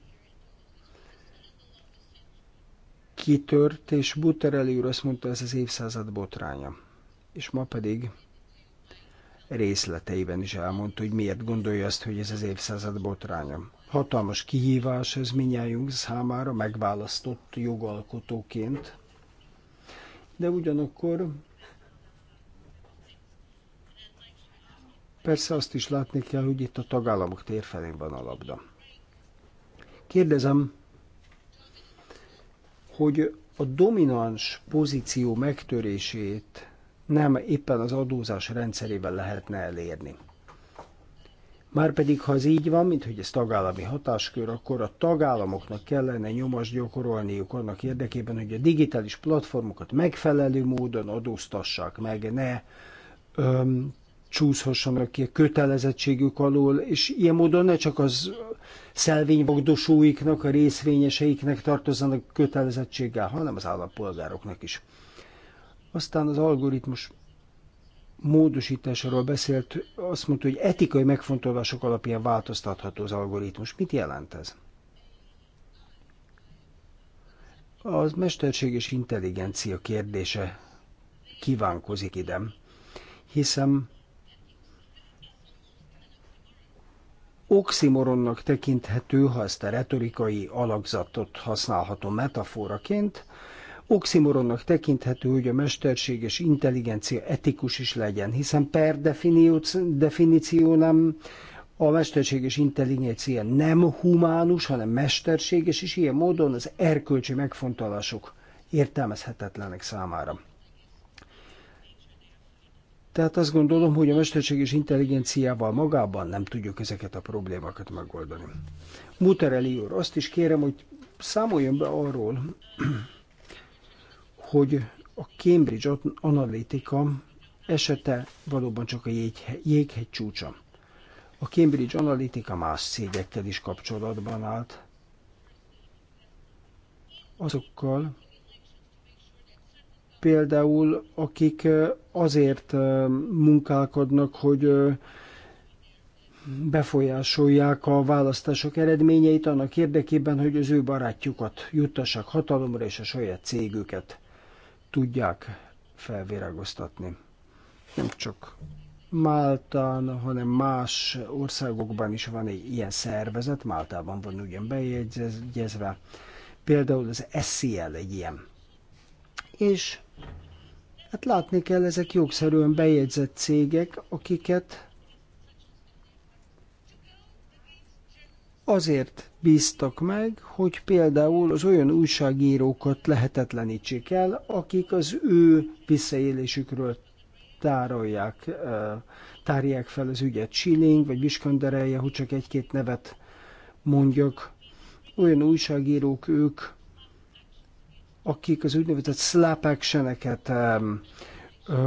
A: kitört, és Buttarelli úr azt mondta, ez az évszázad botránya. És ma pedig részleteiben is elmondta, hogy miért gondolja azt, hogy ez az évszázad botránya. Hatalmas kihívás ez minnyájunk számára, megválasztott jogalkotóként, de ugyanakkor persze azt is látni kell, hogy itt a tagállamok térfelén van a labda. Kérdezem, hogy a domináns pozíció megtörését nem éppen az adózás rendszerével lehetne elérni. Márpedig, ha ez így van, mint hogy ez tagállami hatáskör, akkor a tagállamoknak kellene nyomást gyakorolniuk annak érdekében, hogy a digitális platformokat megfelelő módon adóztassák meg, ne öm, csúszhassanak ki a kötelezettségük alól, és ilyen módon ne csak az szelvényvagdosóiknak, a részvényeseiknek tartozzanak kötelezettséggel, hanem az állampolgároknak is. Aztán az algoritmus módosításáról beszélt, azt mondta, hogy etikai megfontolások alapján változtatható az algoritmus. Mit jelent ez? Az mesterséges intelligencia kérdése kívánkozik ide, hiszen oximoronnak tekinthető, ha ezt a retorikai alakzatot használhatom metaforaként, Oximoronnak tekinthető, hogy a mesterséges intelligencia etikus is legyen, hiszen per definíció nem a mesterséges intelligencia nem humánus, hanem mesterséges, és ilyen módon az erkölcsi megfontolások értelmezhetetlenek számára. Tehát azt gondolom, hogy a mesterséges intelligenciával magában nem tudjuk ezeket a problémákat megoldani. Mutereli úr, azt is kérem, hogy számoljon be arról, hogy a Cambridge Analytica esete valóban csak a jéghegy, jéghegy csúcsa. A Cambridge Analytica más szégyekkel is kapcsolatban állt, azokkal, például, akik azért munkálkodnak, hogy befolyásolják a választások eredményeit annak érdekében, hogy az ő barátjukat juttassák hatalomra és a saját cégüket tudják felvirágoztatni. Nem csak Máltán, hanem más országokban is van egy ilyen szervezet, Máltában van ugyan bejegyezve, például az SCL egy ilyen. És hát látni kell, ezek jogszerűen bejegyzett cégek, akiket azért bíztak meg, hogy például az olyan újságírókat lehetetlenítsék el, akik az ő visszaélésükről tárolják, tárják fel az ügyet. Schilling vagy Viskandereje, hogy csak egy-két nevet mondjak. Olyan újságírók ők, akik az úgynevezett slap action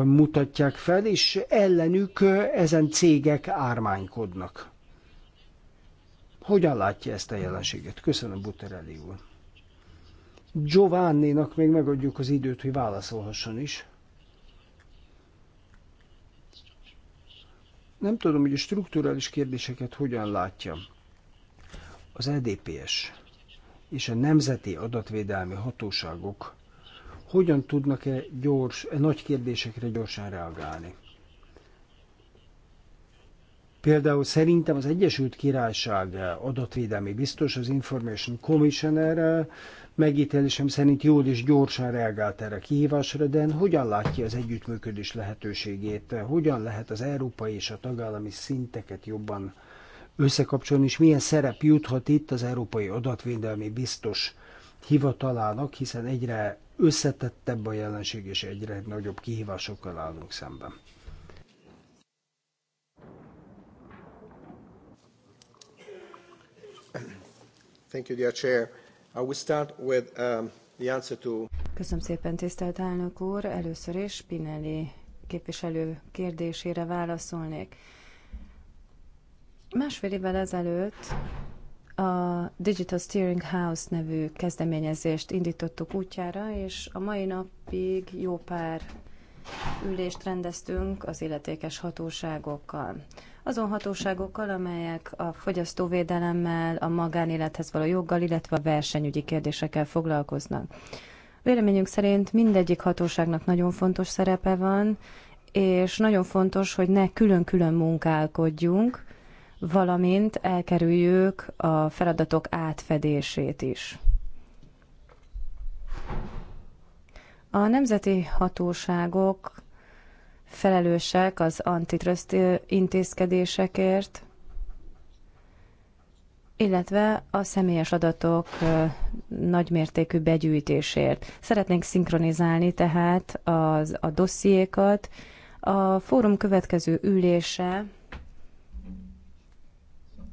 A: mutatják fel, és ellenük ezen cégek ármánykodnak. Hogyan látja ezt a jelenséget? Köszönöm, Buterelli úr. nak még megadjuk az időt, hogy válaszolhasson is. Nem tudom, hogy a strukturális kérdéseket hogyan látja. Az EDPS és a Nemzeti Adatvédelmi Hatóságok hogyan tudnak-e gyors, e nagy kérdésekre gyorsan reagálni? Például szerintem az Egyesült Királyság eh, adatvédelmi biztos, az Information Commissioner eh, megítélésem szerint jól és gyorsan reagált erre a kihívásra, de hogyan látja az együttműködés lehetőségét, eh, hogyan lehet az európai és a tagállami szinteket jobban összekapcsolni, és milyen szerep juthat itt az Európai Adatvédelmi Biztos hivatalának, hiszen egyre összetettebb a jelenség, és egyre nagyobb kihívásokkal állunk szemben. Thank you, dear Chair. I uh, will start with um, the answer to...
B: Köszönöm szépen, tisztelt elnök úr. Először is Spinelli képviselő kérdésére válaszolnék. Másfél évvel ezelőtt a Digital Steering House nevű kezdeményezést indítottuk útjára, és a mai napig jó pár ülést rendeztünk az illetékes hatóságokkal. Azon hatóságokkal, amelyek a fogyasztóvédelemmel, a magánélethez való joggal, illetve a versenyügyi kérdésekkel foglalkoznak. Véleményünk szerint mindegyik hatóságnak nagyon fontos szerepe van, és nagyon fontos, hogy ne külön-külön munkálkodjunk, valamint elkerüljük a feladatok átfedését is. A nemzeti hatóságok felelősek az antitrust intézkedésekért, illetve a személyes adatok nagymértékű begyűjtésért. Szeretnénk szinkronizálni tehát az, a dossziékat. A fórum következő ülése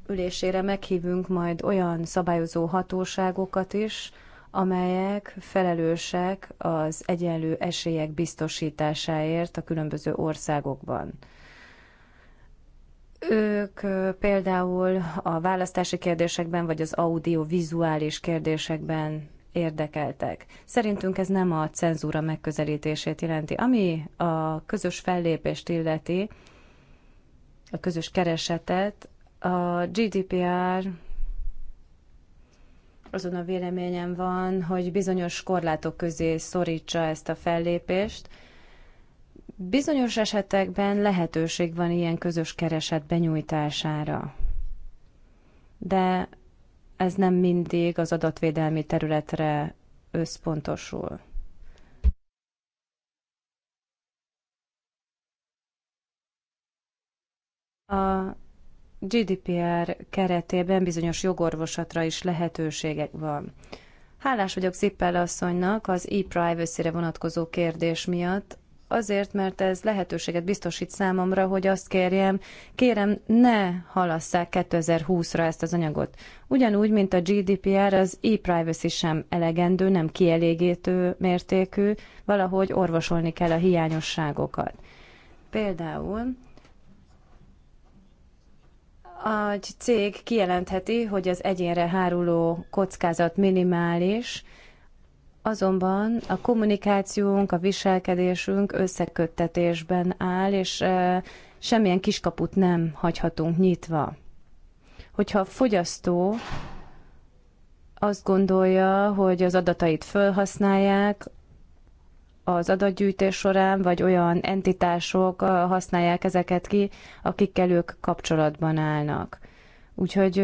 B: ülésére meghívunk majd olyan szabályozó hatóságokat is, amelyek felelősek az egyenlő esélyek biztosításáért a különböző országokban. Ők például a választási kérdésekben vagy az audiovizuális kérdésekben érdekeltek. Szerintünk ez nem a cenzúra megközelítését jelenti. Ami a közös fellépést illeti, a közös keresetet, a GDPR azon a véleményem van, hogy bizonyos korlátok közé szorítsa ezt a fellépést. Bizonyos esetekben lehetőség van ilyen közös kereset benyújtására. De ez nem mindig az adatvédelmi területre összpontosul. A GDPR keretében bizonyos jogorvosatra is lehetőségek van. Hálás vagyok Zippel asszonynak az e-privacy-re vonatkozó kérdés miatt, azért, mert ez lehetőséget biztosít számomra, hogy azt kérjem, kérem ne halasszák 2020-ra ezt az anyagot. Ugyanúgy, mint a GDPR, az e-privacy sem elegendő, nem kielégítő mértékű, valahogy orvosolni kell a hiányosságokat. Például a cég kijelentheti, hogy az egyénre háruló kockázat minimális, azonban a kommunikációnk, a viselkedésünk összeköttetésben áll, és semmilyen kiskaput nem hagyhatunk nyitva. Hogyha a fogyasztó azt gondolja, hogy az adatait felhasználják, az adatgyűjtés során, vagy olyan entitások használják ezeket ki, akikkel ők kapcsolatban állnak. Úgyhogy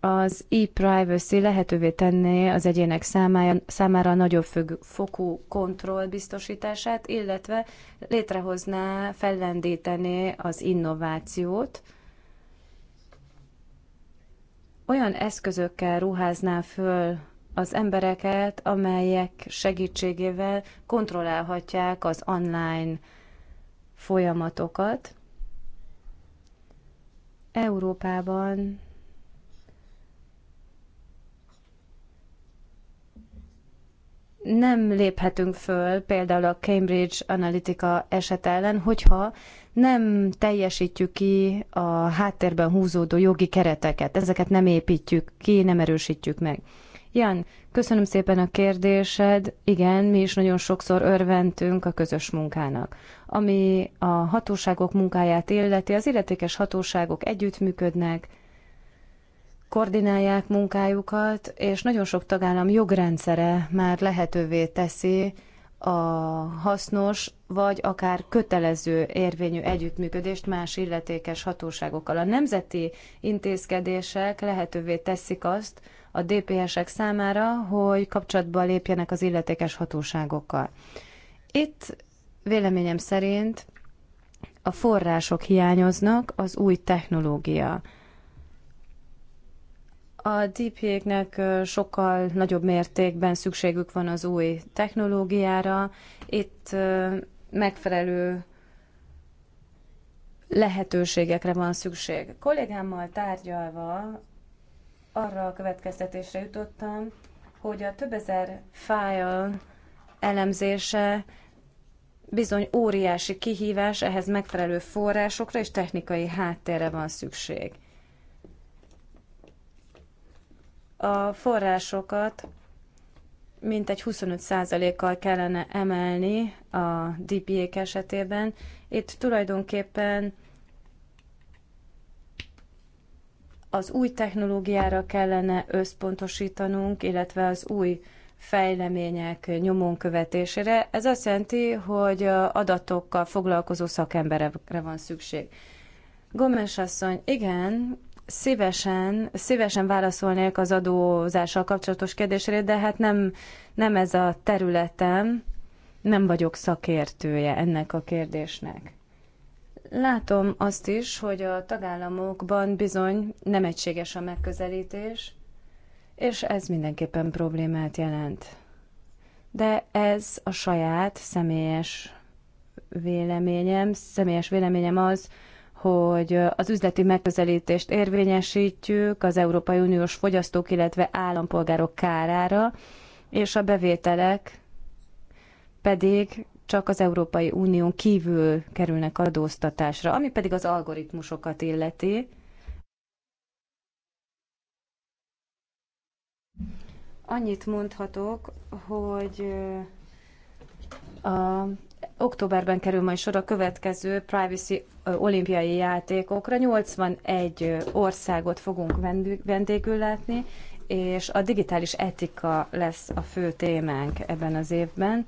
B: az e-privacy lehetővé tenné az egyének számára, számára nagyobb függ, fokú kontroll biztosítását, illetve létrehozná, fellendítené az innovációt, olyan eszközökkel ruházná föl az embereket, amelyek segítségével kontrollálhatják az online folyamatokat. Európában nem léphetünk föl például a Cambridge Analytica eset ellen, hogyha nem teljesítjük ki a háttérben húzódó jogi kereteket, ezeket nem építjük ki, nem erősítjük meg. Jan, köszönöm szépen a kérdésed. Igen, mi is nagyon sokszor örventünk a közös munkának. Ami a hatóságok munkáját illeti, az illetékes hatóságok együttműködnek, koordinálják munkájukat, és nagyon sok tagállam jogrendszere már lehetővé teszi a hasznos, vagy akár kötelező érvényű együttműködést más illetékes hatóságokkal. A nemzeti intézkedések lehetővé teszik azt, a DPS-ek számára, hogy kapcsolatba lépjenek az illetékes hatóságokkal. Itt véleményem szerint a források hiányoznak, az új technológia. A DP-eknek sokkal nagyobb mértékben szükségük van az új technológiára. Itt megfelelő lehetőségekre van szükség. Kollégámmal tárgyalva arra a következtetésre jutottam, hogy a több ezer fájl elemzése bizony óriási kihívás, ehhez megfelelő forrásokra és technikai háttérre van szükség. A forrásokat mintegy 25%-kal kellene emelni a DPA-k esetében. Itt tulajdonképpen Az új technológiára kellene összpontosítanunk, illetve az új fejlemények nyomon követésére. Ez azt jelenti, hogy adatokkal foglalkozó szakemberekre van szükség. Gomes asszony, igen, szívesen, szívesen válaszolnék az adózással kapcsolatos kérdésre, de hát nem, nem ez a területem, nem vagyok szakértője ennek a kérdésnek. Látom azt is, hogy a tagállamokban bizony nem egységes a megközelítés, és ez mindenképpen problémát jelent. De ez a saját személyes véleményem, személyes véleményem az, hogy az üzleti megközelítést érvényesítjük az Európai Uniós fogyasztók, illetve állampolgárok kárára, és a bevételek pedig csak az Európai Unión kívül kerülnek adóztatásra, ami pedig az algoritmusokat illeti. Annyit mondhatok, hogy a októberben kerül majd sor a következő Privacy olimpiai játékokra. 81 országot fogunk vendégül látni, és a digitális etika lesz a fő témánk ebben az évben.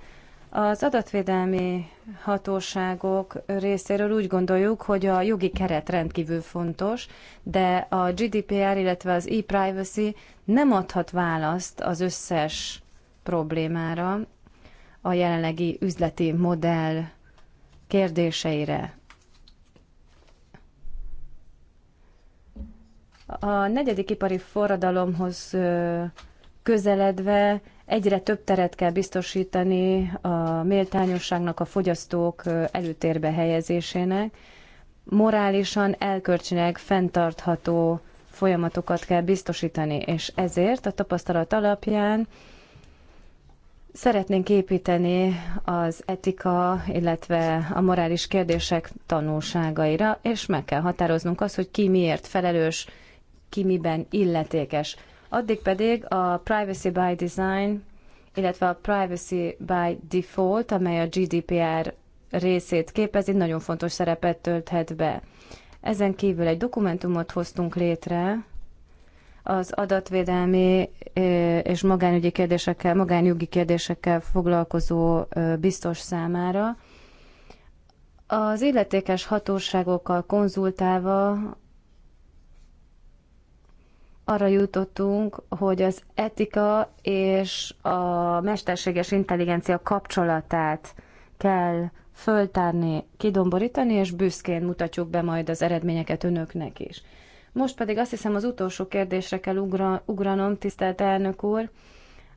B: Az adatvédelmi hatóságok részéről úgy gondoljuk, hogy a jogi keret rendkívül fontos, de a GDPR, illetve az e-privacy nem adhat választ az összes problémára, a jelenlegi üzleti modell kérdéseire. A negyedik ipari forradalomhoz közeledve Egyre több teret kell biztosítani a méltányosságnak, a fogyasztók előtérbe helyezésének. Morálisan, elkölcsileg fenntartható folyamatokat kell biztosítani, és ezért a tapasztalat alapján Szeretnénk építeni az etika, illetve a morális kérdések tanulságaira, és meg kell határoznunk azt, hogy ki miért felelős, ki miben illetékes addig pedig a Privacy by Design, illetve a Privacy by Default, amely a GDPR részét képezi, nagyon fontos szerepet tölthet be. Ezen kívül egy dokumentumot hoztunk létre, az adatvédelmi és magánügyi kérdésekkel, magánjogi kérdésekkel foglalkozó biztos számára. Az illetékes hatóságokkal konzultálva arra jutottunk, hogy az etika és a mesterséges intelligencia kapcsolatát kell föltárni, kidomborítani, és büszkén mutatjuk be majd az eredményeket önöknek is. Most pedig azt hiszem az utolsó kérdésre kell ugra, ugranom, tisztelt elnök úr.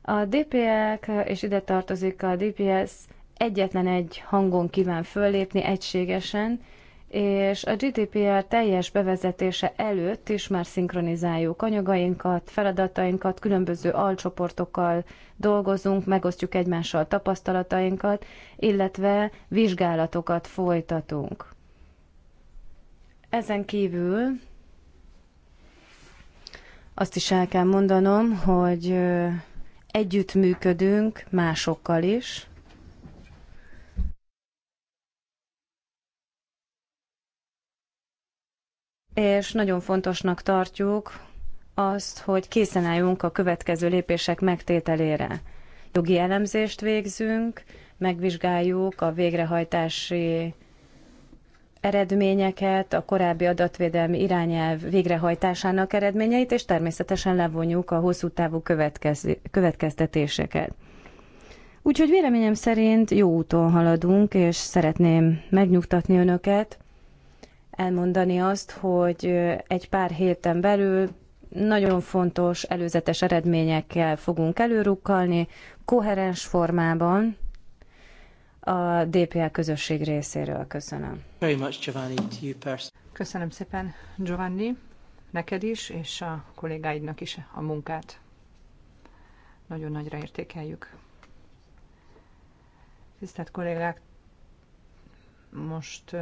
B: A DPS, és ide tartozik a DPS, egyetlen egy hangon kíván föllépni egységesen, és a GDPR teljes bevezetése előtt is már szinkronizáljuk anyagainkat, feladatainkat, különböző alcsoportokkal dolgozunk, megosztjuk egymással tapasztalatainkat, illetve vizsgálatokat folytatunk. Ezen kívül azt is el kell mondanom, hogy együttműködünk másokkal is, és nagyon fontosnak tartjuk azt, hogy készen álljunk a következő lépések megtételére. Jogi elemzést végzünk, megvizsgáljuk a végrehajtási eredményeket, a korábbi adatvédelmi irányelv végrehajtásának eredményeit, és természetesen levonjuk a hosszú távú következtetéseket. Úgyhogy véleményem szerint jó úton haladunk, és szeretném megnyugtatni önöket, elmondani azt, hogy egy pár héten belül nagyon fontos előzetes eredményekkel fogunk előrukkalni, koherens formában a DPL közösség részéről. Köszönöm.
D: Very much, Giovanni, to you
C: Köszönöm szépen, Giovanni, neked is, és a kollégáidnak is a munkát. Nagyon nagyra értékeljük. Tisztelt kollégák, most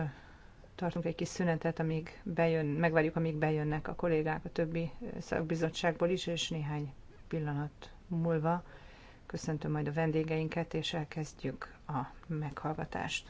C: tartunk egy kis szünetet, amíg bejön, megvárjuk, amíg bejönnek a kollégák a többi szakbizottságból is, és néhány pillanat múlva köszöntöm majd a vendégeinket, és elkezdjük a meghallgatást.